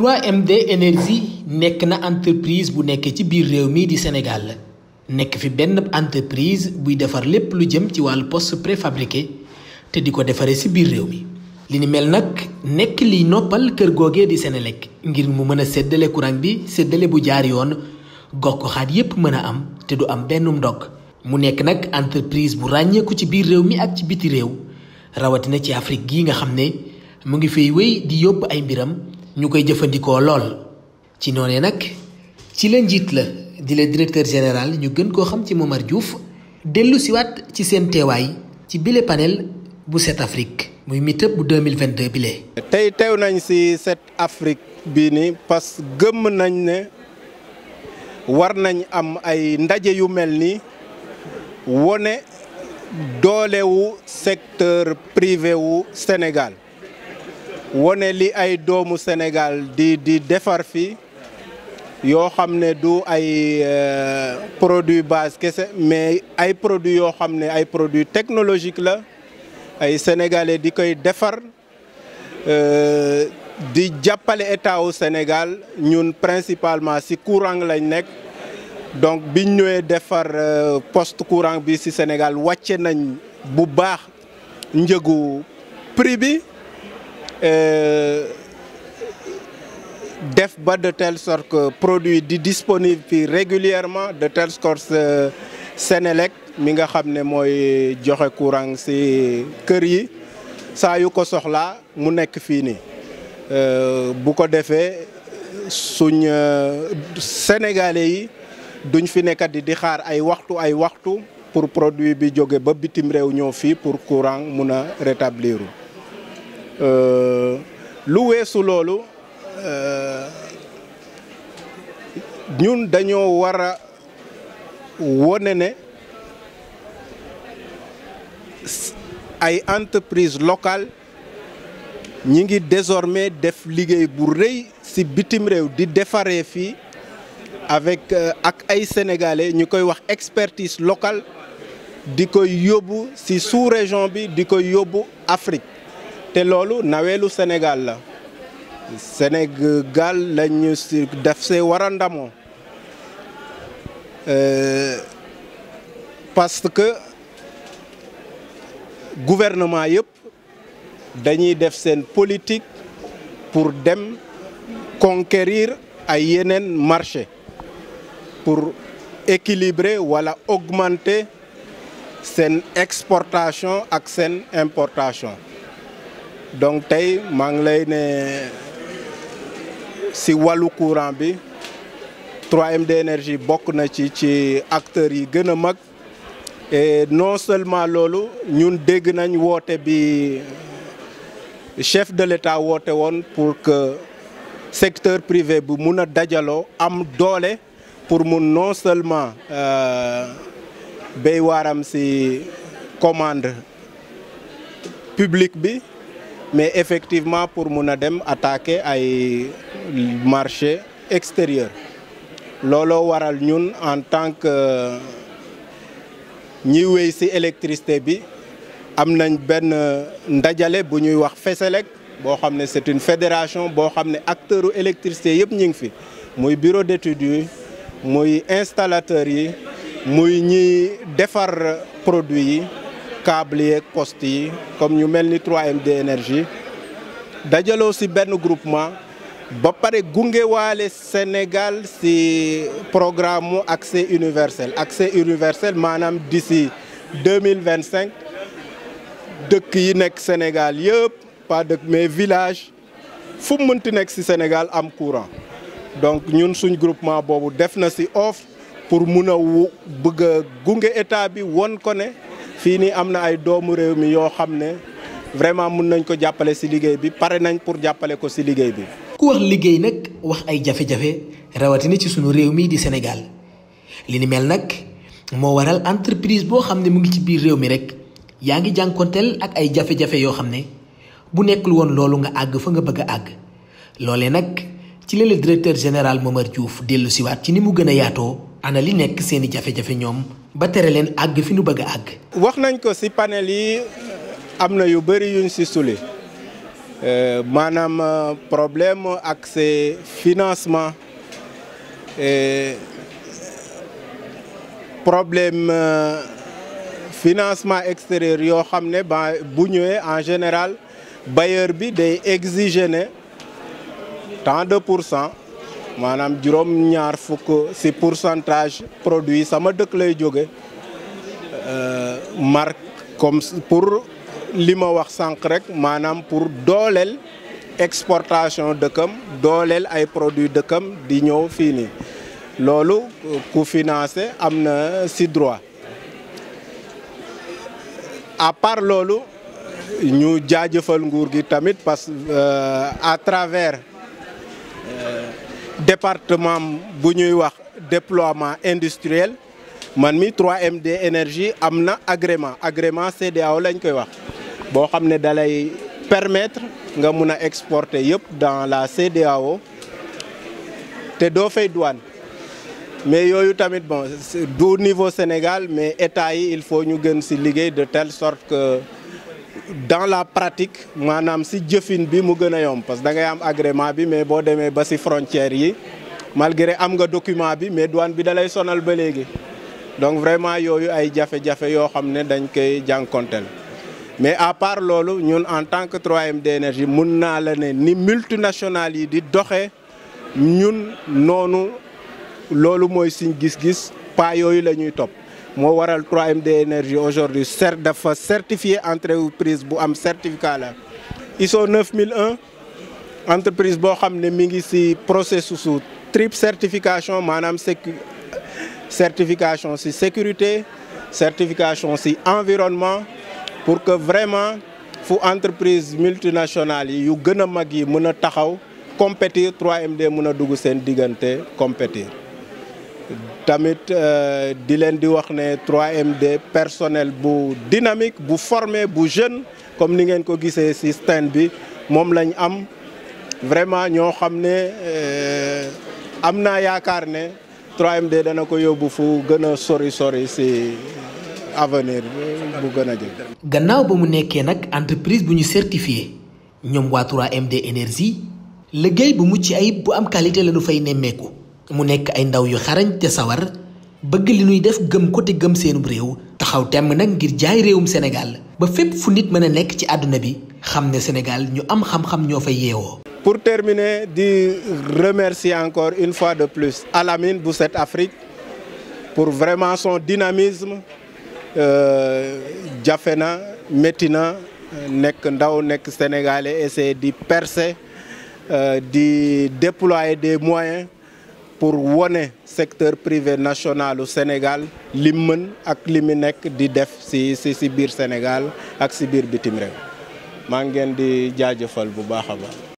3MD énergie nekk na entreprise bu nekkee ci biir réew mii di Sénégal nekk fi benn entreprise buy defar lépp lu jëm ci wàll poste préfabriqué te di ko defaree ci biir réew mi. li ni mel nag nekk liy noppal kër googee di Senelec ngir mu mën a séddale courant bi séddale bu jaar yoon gox ko xaat yépp mën a am te du am benn ndog mu nekk nag entreprise bu ràññeeku ci biir réew mi ak ci biti réew rawatina ci Afrique gii nga xam ne mu ngi fay wéy di yóbbu ay mbiram. ñu koy jëfandikoo lool ci noonee nag ci la njiit la di la directeur général ñu gën koo xam ci Momar Diouf dellu siwaat ci seen teewaay ci bile panel bu Set Afrique muy meet-up bu 2022 bile. tey teew nañ si Set Afrique bii nii parce que gëmm nañ ne war nañ am ay ndaje yu mel nii wone doolewu secteur privé wu Sénégal. wane li ay doomu Sénégal di di défar fi yoo xam ne du ay euh, produit base kese mais ay produits yoo xam ne ay produits technologiques la ay sénégalais di koy defar euh, di jàppale état au Sénégal ñun principalement ci courant lañ nekk donc biñ ñëwee defar euh, poste courant bi ci Sénégal wàcce nañ bu baax njëgu prix bi. Euh, def ba de telle sorte que produit di disponible fii régulièrement de telle sorte mi nga xam ne mooy joxe courant ci kër yi saayu ko soxlaa mu nekk fii nii euh, bu ko defee suñ euh, sénégalais yi duñ fi nekkat di xaar ay waxtu ay waxtu pour produit bi jóge ba bitim réew ñëw fii pour courant mun a rétablir. Loué sous nous ñun wara nous wone ay entreprise locale désormais def liggéey bu les ci di avec les euh, sénégalais nous avons une expertise locale di koy sous-région de di té fait au Sénégal la Sénégal lañu si def see war a euh, parce que gouvernement a dañuy def politique pour dem conquérir ay yenen marché pour équilibrer wala augmenter sen exportation ak ses importation donc tay ma ngi lay né ci walu courant bi 3MD Énergie bok na ci ci acteur yi gëna mag et non seulement lolu ñun dégg nañ woté bi chef de l'État woté won pour que secteur privé bu mëna dajalo am doolé pour mu non seulement euh, bay waram ci commande public bi mais effectivement pour mon a dem attaquer ay marché extérieur lolo waral ñun en tant que ñi AC électricité bi am ben ndajale bu ñuy wax c'est une fédération a xam un acteuru électricité yëpp le fi bureau d'études moy installateur yi câbles, postes, comme nous mettons 3MD énergie dajaloo ci benn groupement ba pare le Sénégal ci programme d'accès accès universel accès universel madame, d'ici 2025 qui yi le Sénégal yëpp pas de mais village fu mu mënti nekk ci Sénégal am courant donc ñun suñ groupement groupe def ci offre pour mun a bëgg a état bi won ko fii nii am na ay doomu réew mi yoo xam ne vraiment mun nañ ko jàppale si liggéey bi pare nañ pour jàppale ko si liggéey bi. ku wax liggéey nag wax ay jafe-jafe rawatina ci sunu réew mii di Sénégal li ni mel nag moo waral entreprise boo xam ne mu ngi ci biir réew mi rek yaa ngi jànkonteel ak ay jafe-jafe yoo xam ne bu nekkul woon loolu nga àgg fa nga bëgg a àgg loolee nag ci la directeur général Momar Diouf dellu siwaat ci ni mu gën a yaatoo. ana li nek seeni jafé jafé ñom ba tere leen àgg fi nu bëgg ag wax nañ ko ci panel yi amna yu bëri yuñ ci sulé euh manam problème accès financement euh problème euh, financement extérieur yo xamné ba bu ñëwé en général bailleur bi day exiger ne tant de pour manam juróom-ñaar fuk pourcentage produit sama dekk lay euh, comme pour lima pour dolel exportation de dolel ay produits dëkkam di ñew fini lolu ku financé amna droit à part lolu ñu jaajeufal nguur gi parce euh, à travers département bu déploiement industriel man mi 3MD énergie à agrément agrément CEDEAO lañ koy wax bo permettre nga mëna exporter dans la CDAO té do fay douane mais yoyu tamit bon du niveau Sénégal mais état il faut ñu gën ci liguer de telle sorte que dans la pratique maanaam si jëfin bi mu gën a yomb parce que da am agrément bi mais boo demee ba si frontières yi malgré am nga document bi mais douane bi dalay sonal ba léegi donc vraiment yooyu ay jafe-jafe yoo xam ne dañ koy jànkonteel mais à part loolu ñun en tant que 3MD Énergie mun naa la ne ni multinationales yi di doxee ñun noonu loolu mooy suñ gis-gis pas yooyu la ñuy topp moo le 3MD Energy aujourd'hui certifié entreprise bu am certificat Ils ISO 9001 entreprise bon am ne processus triple certification manam sécu certification ci sécurité certification ci environnement pour que vraiment pour entreprise multinationale qui yu gën compétir 3MD mën dougou sen digante compétir tamit euh, di len di wax né 3MD personnel bu dynamique bu formé bu jeune comme ni ngeen ko gissé ci stand bi mom lañ am vraiment ño xamné euh amna naa 3MD dana ko yóbbu fu gëna sori sori ci avenir bu gëna a gannaaw ba mu nekkee nak entreprise bu ñu certifié ñom wa 3MD énergie liggéey bu mucc ayib bu am qualité la fay nemmeeku mu nekk ay ndaw yu xarañ te sawar bëgg li ñuy def gëm ko gëm seenub réew taxaw temm nag ngir jaay réewum Sénégal ba fépp fu nit mën a nekk ci àdduna bi xam ne Sénégal ñu am xam-xam ñoo fay yeewoo. Pour terminer di remercier encore une fois de plus Alamine bu Bousset Afrique pour vraiment son dynamisme euh, jafe na métti na nekk ndaw nekk sénégalais essayer di percer euh, di déployer des moyens. pour wone secteur privé national u Sénégal li mën ak li mu nekk di def si si si biir Sénégal ak si biir bitim réew maa ngeen di jaajëfal bu baax a